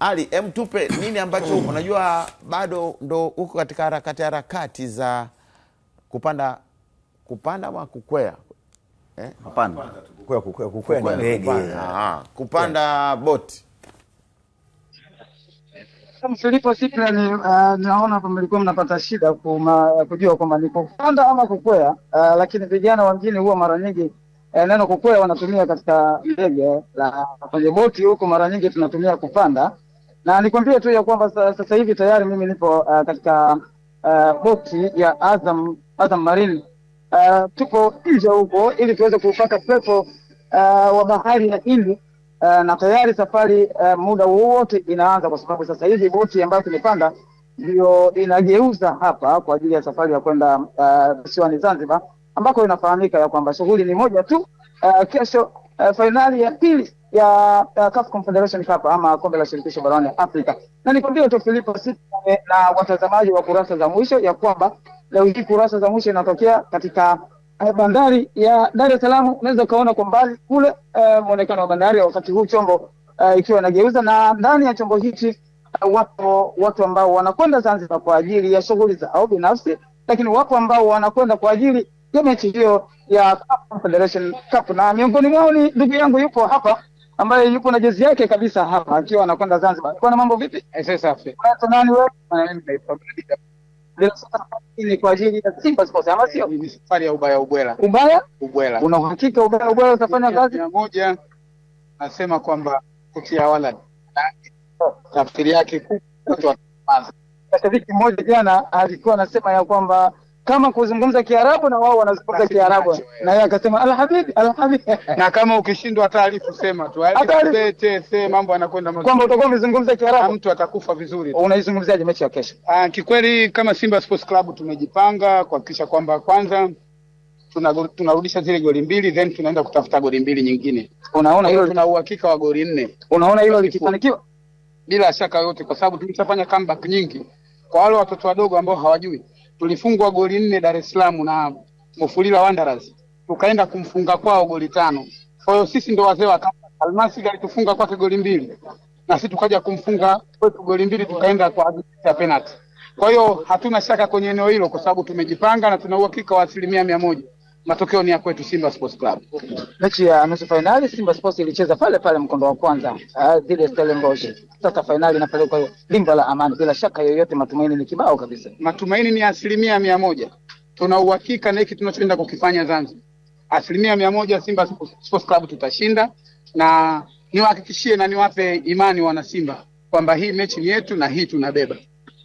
Ali, em tupe nini ambacho unajua bado ndo uko katika harakati harakati za kupanda kupanda ama kukwea eh? kukwea, kukwea, kukwea, kupanda, ah, kupanda boti Msilipo Cyprian, uh, ah, naona hapa mlikuwa mnapata shida kuma, kujua kwamba ni kupanda ama kukwea. Uh, lakini vijana wa mjini huwa mara nyingi eh, neno kukwea wanatumia katika ndege la kwenye boti, huko mara nyingi tunatumia kupanda na nikwambie tu ya kwamba sasa hivi tayari mimi nipo uh, katika uh, boti ya Azam, Azam Marine uh, tuko nje huko ili tuweze kupata pepo uh, wa bahari ya Hindi uh, na tayari safari uh, muda wowote inaanza, kwa sababu sasa hivi boti ambayo tumepanda ndio inageuza hapa kwa ajili ya safari ya kwenda uh, visiwani uh, Zanzibar ambako inafahamika ya kwamba shughuli ni moja tu uh, kesho uh, eh, fainali ya pili ya uh, CAF Confederation Cup ama kombe la shirikisho barani Afrika. Na nikwambie tu Filipo sisi na watazamaji wa kurasa za mwisho ya kwamba leo hii kurasa za mwisho inatokea katika uh, bandari ya Dar es Salaam. Unaweza ukaona kwa mbali kule uh, eh, muonekano wa bandari wakati huu chombo uh, ikiwa inageuza, na ndani ya chombo hichi uh, wapo watu ambao wanakwenda Zanzibar kwa ajili ya shughuli zao binafsi, lakini wapo ambao wanakwenda kwa ajili ya mechi hiyo ya Cup Federation Cup, na miongoni mwao ni ndugu yangu yupo hapa ambaye yupo na jezi yake kabisa hapa akiwa anakwenda Zanzibar. Kwa na mambo vipi? Sasa safi. Kwa nani wewe? Maana mimi naipa bila sasa ni kwa ajili ya Simba Sports ama sio? Ni safari ya ubaya ubwela. Ubaya? Ubwela. Una uhakika ubaya ubwela utafanya kazi? Moja nasema kwamba kutia wala tafsiri yake kubwa watu wa Mashariki moja jana alikuwa anasema ya kwamba kama kuzungumza Kiarabu na wao wanazungumza Kiarabu, na yeye akasema alhabibi alhabibi. Na kama ukishindwa taarifu sema tu tete, mambo yanakwenda mazuri, kwamba utakuwa umezungumza Kiarabu, na mtu atakufa vizuri. Unaizungumziaje mechi ya kesho? Ah, kikweli kama Simba Sports Club tumejipanga kuhakikisha kwamba kwanza tunarudisha zile goli mbili then tunaenda kutafuta goli mbili nyingine. Unaona hilo, tuna uhakika wa goli nne. Unaona hilo likifanikiwa bila shaka yote, kwa sababu tumeshafanya comeback nyingi. Kwa wale watoto wadogo ambao hawajui tulifungwa goli nne Dar es Salaam na Mufulira Wanderers, tukaenda kumfunga kwao goli tano. Kwa hiyo sisi ndo wazee wa kamba. Almasi alitufunga kwake goli mbili na sisi tukaja kumfunga kwetu goli mbili, tukaenda kwa ya penalty. Kwa hiyo hatuna shaka kwenye eneo hilo, kwa sababu tumejipanga na tuna uhakika wa asilimia mia moja matokeo ni ya kwetu Simba Sports Club. Mechi ya nusu fainali Simba Sports ilicheza pale pale mkondo wa kwanza ah, dhidi ya Stellenbosch. Sasa fainali inapelekwa Dimba la Amani, bila shaka yoyote matumaini ni kibao kabisa. Matumaini ni asilimia mia moja, tuna uhakika na hiki tunachoenda kukifanya Zanzibar, asilimia mia moja Simba Sports Club tutashinda, na niwahakikishie na niwape imani wana Simba kwamba hii mechi ni yetu na hii tunabeba.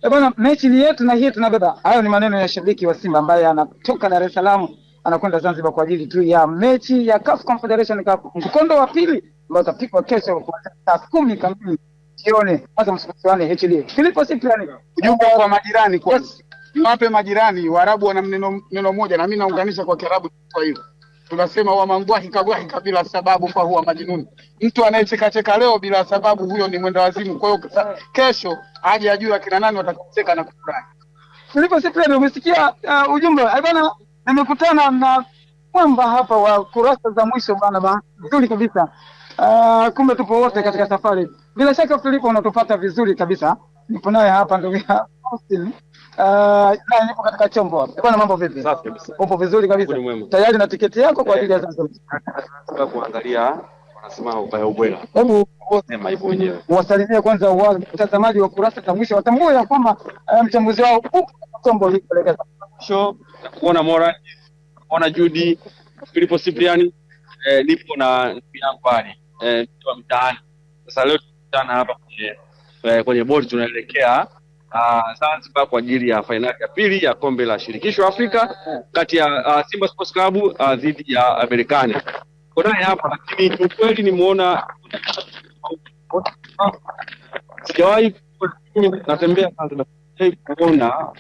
Eh, bwana, mechi ni yetu na hii tunabeba. Hayo ni maneno ya shabiki wa Simba ambaye anatoka Dar es Salaam anakwenda Zanzibar kwa ajili tu ya mechi ya CAF Confederation Cup mkondo wa pili ambao utapigwa kesho kuanzia saa kumi kamili jioni. Kwanza msikilizane HD Filipo Sipriani, ujumbe kwa majirani kwa yes. Wape majirani Waarabu wana neno, neno moja na mimi naunganisha kwa Kiarabu kwa hiyo. tunasema wa wamangwahi kagwahika bila sababu kwa huwa majinuni. Mtu anayecheka cheka leo bila sababu, huyo ni mwenda wazimu. Kwa hiyo kesho aje ajue akina nani watakaocheka na kufurahi. Filipo Sipriani, umesikia uh, ujumbe bwana nimekutana na kwamba hapa wa kurasa za mwisho bana, nzuri kabisa. Uh, kumbe tupo wote katika safari. Bila shaka Filipo unatupata vizuri kabisa. Nipo naye hapa ndugu ya Austin. Uh, ah, na nipo katika chombo hapa. Bwana, mambo vipi? Safi kabisa. Upo vizuri kabisa. Tayari na tiketi yako kwa ajili ya eh, Zanzibar. Nataka kuangalia wanasema ubaya ubwela. Hebu sema hivyo wenyewe. Wasalimie kwanza watazamaji wa kurasa za mwisho watambue ya kwamba eh, mchambuzi wao upo chombo hiki kuelekea Sho, na kuona Moran, kuona Judy, Filipo Sipriani eh, nipo na ndugu yangu pale eh, wa mtaani. Sasa leo tunakutana hapa kwenye eh, kwenye boti tunaelekea uh, Zanzibar kwa ajili ya fainali ya pili ya kombe la shirikisho Afrika kati ya uh, Simba Sports Club uh, dhidi ya Amerikani. Uko naye hapa lakini kiukweli nimeona sijawahi natembea kwanza kuona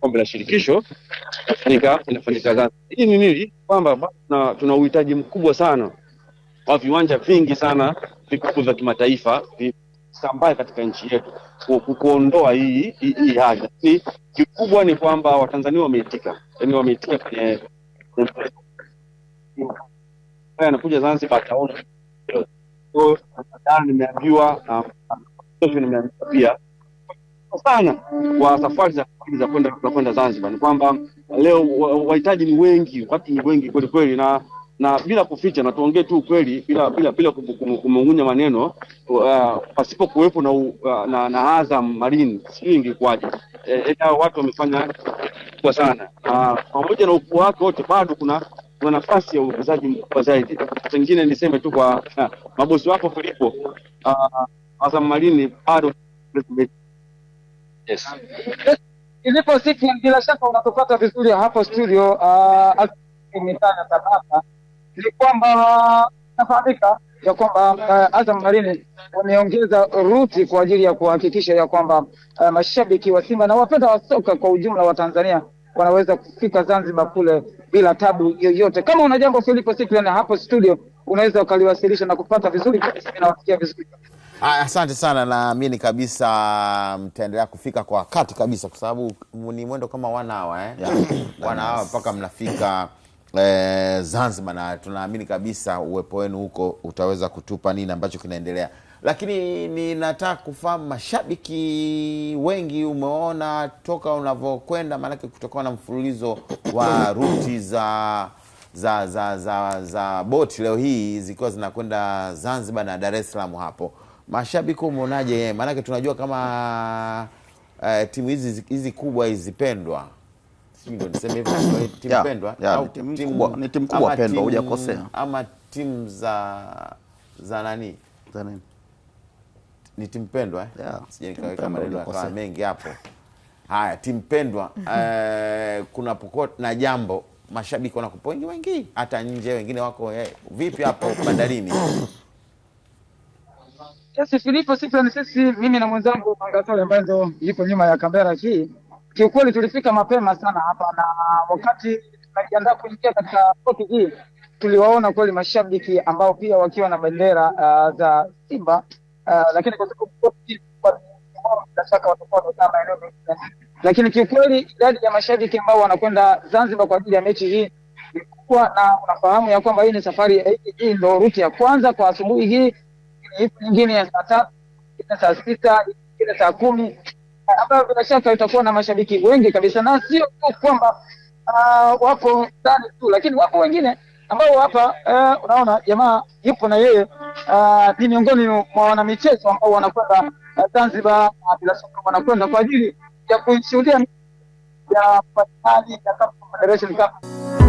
kombe la shirikisho inafanyika Hii ni nini? Kwamba tuna uhitaji mkubwa sana wa viwanja vingi sana vikuu vya kimataifa visambae katika nchi yetu, kuondoa hii hii kikubwa ni kwamba Watanzania wameitika, yani wameitika kwenye anakuja Zanzibar ataona. nimeambiwa na um, nimeambiwa pia sana kwa safari za za kwenda za Zanzibar ni kwamba leo wahitaji ni wengi, watu ni wengi kweli kweli, na na bila kuficha, na tu ukweli bila bila bila kumung'unya maneno uh, pasipo kuwepo na, uh, na na Azam Marine, sijui ingekuwaje. E, watu wamefanya kwa sana ah, pamoja uh, na ukuu wake wote, bado kuna kuna nafasi ya uwekezaji mkubwa zaidi. pengine niseme tu kwa eh, mabosi wako Filipo uh, ah, Azam Malini bado yes. Ilipo siku bila shaka unatupata vizuri hapo studio uh, ah, tabaka ni kwamba nafahamika ya kwamba uh, Azam Marine wameongeza ruti kwa ajili ya kuhakikisha ya kwamba uh, mashabiki wa Simba na wapenda wa soka kwa ujumla wa Tanzania wanaweza kufika Zanzibar kule bila tabu yoyote. Kama una jambo Filipo Cyprian hapo studio, unaweza ukaliwasilisha na kupata vizuri kabisa, nawasikia vizuri. Asante sana, naamini kabisa mm, mtaendelea kufika kwa wakati kabisa, kwa sababu ni mwendo kama wanawa eh? yeah. wanawa mpaka mnafika eh, Zanzibar, na tunaamini kabisa uwepo wenu huko utaweza kutupa nini ambacho kinaendelea lakini ninataka kufahamu mashabiki wengi umeona toka unavyokwenda, maanake kutokana na mfululizo wa ruti za za za za za boti leo hii zikiwa zinakwenda Zanzibar na Dar es Salaam hapo, mashabiki umeonaje? Maanake tunajua kama uh, timu hizi hizi kubwa izipendwa ni timu kubwa pendwa, hujakosea, ama timu za za nani za ni timpendwa pendwa eh? Sije maneno yakawa mengi hapo. Haya, timpendwa pendwa eh, kunapokuwa na jambo mashabiki wanakupa wengi wengi, hata nje wengine wako eh, vipi hapo bandarini? Sisi Filipo, sisi ni sisi, mimi na mwenzangu mangasole ambaye ndio yuko nyuma ya kamera hii, kiukweli tulifika mapema sana hapa, na wakati tunajiandaa kuingia katika poti hii tuliwaona kweli mashabiki ambao pia wakiwa na bendera uh, za Simba Ah, lakini kwa sababu bila shaka watakuwa wamekaa maeneo mengine, lakini kiukweli idadi ya mashabiki ambao wanakwenda Zanzibar kwa ajili ya mechi hii ni kubwa, na unafahamu ya kwamba hii ni safari ya hii ndio ruti ya kwanza kwa asubuhi hii, nyingine ya saa tatu, nyingine saa sita, nyingine saa kumi ah, ambayo bila shaka itakuwa na mashabiki wengi kabisa, na sio tu kwamba uh, wapo ndani tu, lakini wapo wengine ambao hapa eh, unaona jamaa yupo na yeye uh, ni miongoni mwa wanamichezo ambao wanakwenda eh, Zanzibar uh, bila shaka wanakwenda kwa ajili ya kuishuhudia ya fainali ya Confederation Cup.